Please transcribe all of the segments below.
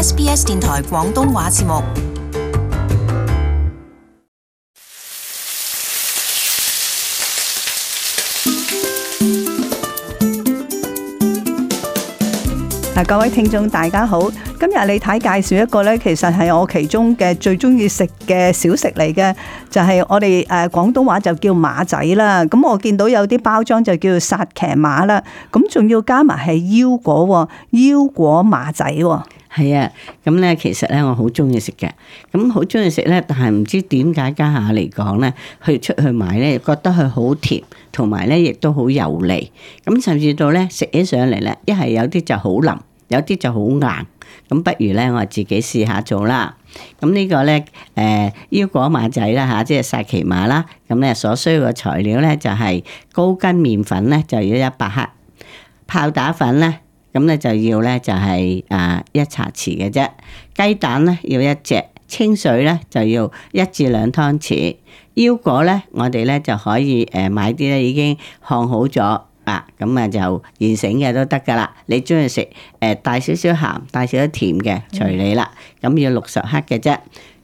SBS 電台廣東話節目，啊！各位聽眾，大家好。今日你睇介紹一個咧，其實係我其中嘅最中意食嘅小食嚟嘅，就係、是、我哋誒、呃、廣東話就叫馬仔啦。咁我見到有啲包裝就叫薩騎馬啦。咁仲要加埋係腰果，腰果馬仔。係啊，咁咧其實咧我好中意食嘅，咁好中意食咧，但係唔知點解家下嚟講咧，去出去買咧，覺得佢好甜，同埋咧亦都好油膩，咁甚至到咧食起上嚟咧，一係有啲就好腍。有啲就好硬，咁不如咧，我自己試下做啦。咁呢個咧，誒、呃、腰果馬仔啦嚇、啊，即係薩其馬啦。咁咧所需嘅材料咧就係、是、高筋麵粉咧就要一百克，泡打粉咧咁咧就要咧就係誒一茶匙嘅啫，雞蛋咧要一隻，清水咧就要一至兩湯匙，腰果咧我哋咧就可以誒買啲咧已經烘好咗。啊，咁啊就現成嘅都得噶啦，你中意食大少少鹹，大少少甜嘅，隨你啦。咁要六十克嘅啫，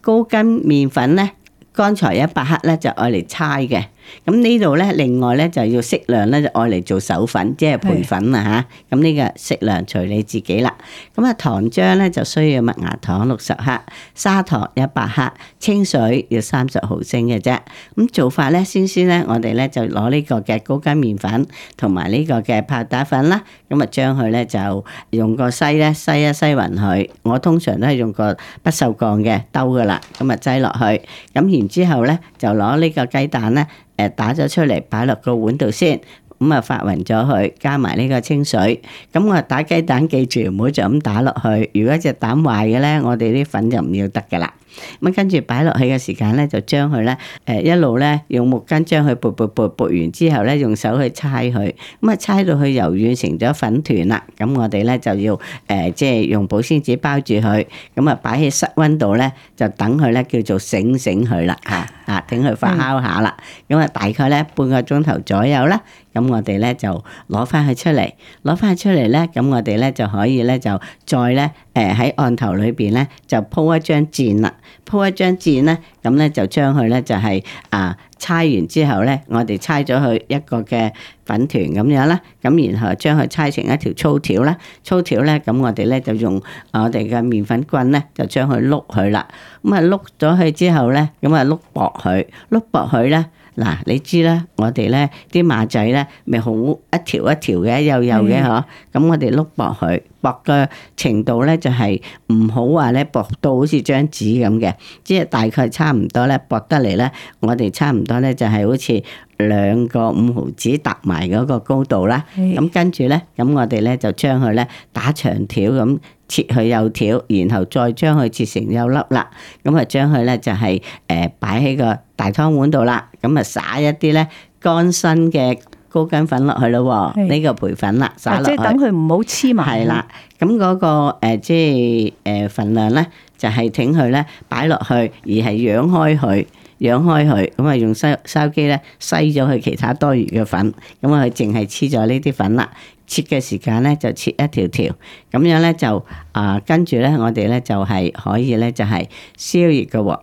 高筋麵粉呢，剛才一百克呢就用嚟搓嘅。咁呢度咧，另外咧就要適量咧，愛嚟做手粉，即係培粉啊嚇。咁呢是、呢個適量隨你自己啦。咁啊糖漿咧就需要麥芽糖六十克，砂糖一百克，清水要三十毫升嘅啫。咁做法咧，先先咧，我哋咧就攞呢個嘅高筋麵粉同埋呢個嘅泡打粉啦。咁啊將佢咧就用個篩咧篩一篩勻佢。我通常都係用個不鏽鋼嘅兜噶啦。咁啊擠落去。咁然之後咧就攞呢個雞蛋咧。誒打咗出嚟，擺落個碗度先。咁啊，發勻咗佢，加埋呢個清水。咁我打雞蛋，記住唔好就咁打落去。如果隻蛋壞嘅呢，我哋啲粉就唔要得噶啦。咁跟住擺落去嘅時間呢，就將佢呢誒一路呢，用木棍將佢撥撥撥撥，撥完之後呢，用手去搓佢。咁啊，搓到佢柔軟成咗粉團啦。咁我哋呢，就要誒、呃、即係用保鮮紙包住佢。咁啊，擺喺室溫度呢，就等佢呢叫做醒醒佢啦嚇啊，等、啊、佢發酵下啦。咁啊、嗯，大概呢半個鐘頭左右啦。咁我哋咧就攞翻佢出嚟，攞翻佢出嚟咧，咁我哋咧就可以咧就再咧，誒喺案頭裏邊咧就鋪一張氈啦，鋪一張氈咧，咁咧就將佢咧就係、是、啊猜完之後咧，我哋猜咗佢一個嘅粉團咁樣啦，咁然後將佢猜成一條粗條啦，粗條咧，咁我哋咧就用我哋嘅麵粉棍咧就將佢碌佢啦，咁啊碌咗佢之後咧，咁啊碌薄佢，碌薄佢咧。嗱、啊，你知啦，我哋咧啲馬仔咧，咪好一條一條嘅，幼幼嘅嗬，咁的、嗯、我哋碌薄佢。薄嘅程度咧就係唔好話咧薄到好似張紙咁嘅，即係大概差唔多咧薄得嚟咧，我哋差唔多咧就係好似兩個五毫子揼埋嗰個高度啦。咁是跟住咧，咁我哋咧就將佢咧打長條咁切去幼條，然後再將佢切成幼粒啦。咁啊將佢咧就係誒擺喺個大湯碗度啦。咁啊灑一啲咧乾身嘅高筋粉落去咯，呢是個培粉啦，灑落去。即係等佢唔好黐埋。係啦，咁嗰個誒，即係誒份量咧，就係整佢咧，擺落去而係揚開佢，揚開佢，咁啊用收收機咧篩咗佢其他多餘嘅粉，咁啊佢淨係黐咗呢啲粉啦。切嘅時間咧就切一條條，咁樣咧就是、啊跟住咧我哋咧就係可以咧就係燒熱嘅，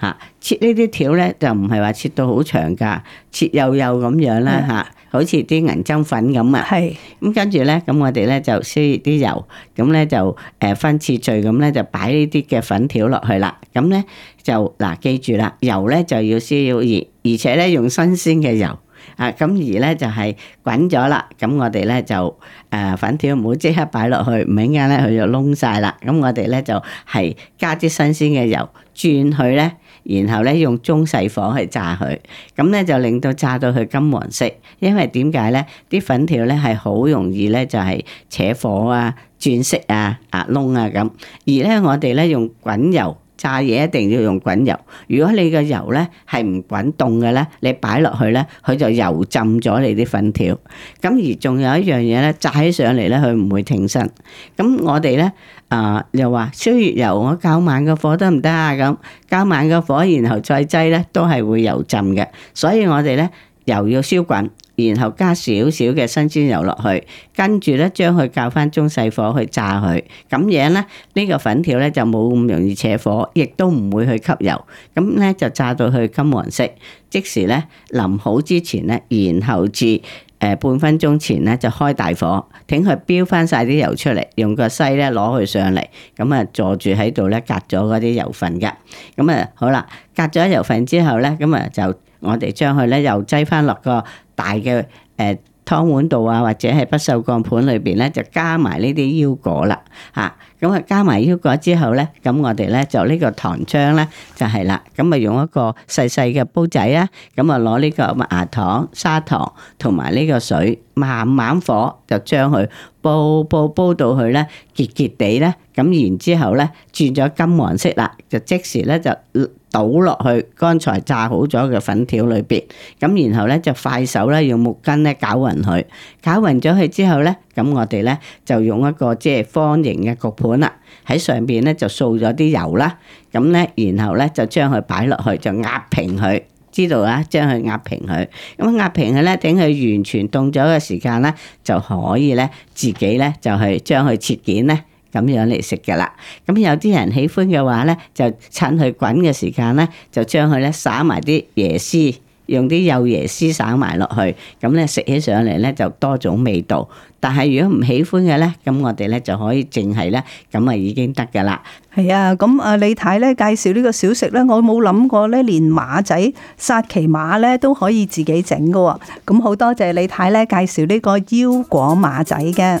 吓、呃、切呢啲條咧就唔係話切到好長噶，切幼幼咁、呃、樣啦吓。好似啲銀針粉咁啊，咁係，跟住咧，咁我哋咧就燒啲油，咁咧就誒分次序咁咧就擺呢啲嘅粉條落去啦。咁咧就嗱、啊，記住啦，油咧就要燒要熱，而且咧用新鮮嘅油。啊，咁而咧就係滾咗啦。咁我哋咧就誒、啊、粉條唔好即刻擺落去，唔一間咧佢就燶晒啦。咁我哋咧就係加啲新鮮嘅油轉去咧。然後用中細火去炸佢，咁咧就令到炸到佢金黃色。因為點解咧？啲粉條咧係好容易咧就係扯火啊、轉色啊、燶啊咁。而咧我哋咧用滾油。炸嘢一定要用滾油，如果你嘅油咧係唔滾凍嘅咧，你擺落去咧，佢就油浸咗你啲粉條。咁而仲有一樣嘢咧，炸起上嚟咧，佢唔會挺身。咁我哋咧，啊、呃、又話燒熱油我慢行行，我較猛個火得唔得啊？咁較猛個火，然後再擠咧，都係會油浸嘅。所以我哋咧，油要燒滾。然後加少少嘅新鮮油落去，跟住咧將佢較翻中細火去炸佢，咁樣咧呢，這個粉條咧就冇咁容易扯火，亦都唔會去吸油。咁咧就炸到佢金黃色，即時咧臨好之前咧，然後至誒，呃、半分鐘前咧就開大火，挺佢飆翻晒啲油出嚟，用個篩咧攞佢上嚟，咁啊坐住喺度咧隔咗嗰啲油份嘅，咁啊好啦，隔咗油份之後咧，咁啊就我哋將佢咧又擠翻落個。大嘅誒湯碗度啊，或者喺不鏽鋼盤裏邊咧，就加埋呢啲腰果啦嚇。咁啊加埋腰果之後咧，咁我哋咧就呢個糖漿咧就係、是、啦。咁啊用一個細細嘅煲仔啊，咁啊攞呢個麥芽糖、砂糖同埋呢個水，慢慢火就將佢煲煲煲煲到佢咧結結地咧。咁然之後咧轉咗金黃色啦，就即時咧就。倒落去剛才炸好咗嘅粉條裏邊，咁然後咧就快手咧用木棍咧攪勻佢，攪勻咗佢之後咧，咁我哋咧就用一個即係方形嘅焗盤啦，喺上邊咧就掃咗啲油啦，咁咧然後咧就將佢擺落去就壓平佢，知道啊，將佢壓平佢，咁壓平佢咧等佢完全凍咗嘅時間咧就可以咧自己咧就係將佢切件咧。咁樣嚟食嘅啦，咁有啲人喜歡嘅話呢，就趁佢滾嘅時間呢，就將佢呢撒埋啲椰絲，用啲幼椰絲撒埋落去，咁呢，食起上嚟呢，就多種味道。但係如果唔喜歡嘅呢，咁我哋呢，就可以淨係呢，咁啊已經得嘅啦。係啊，咁啊李太呢介紹呢個小食呢，我冇諗過呢，連馬仔薩琪馬呢都可以自己整噶，咁好多謝李太呢，介紹呢個腰果馬仔嘅。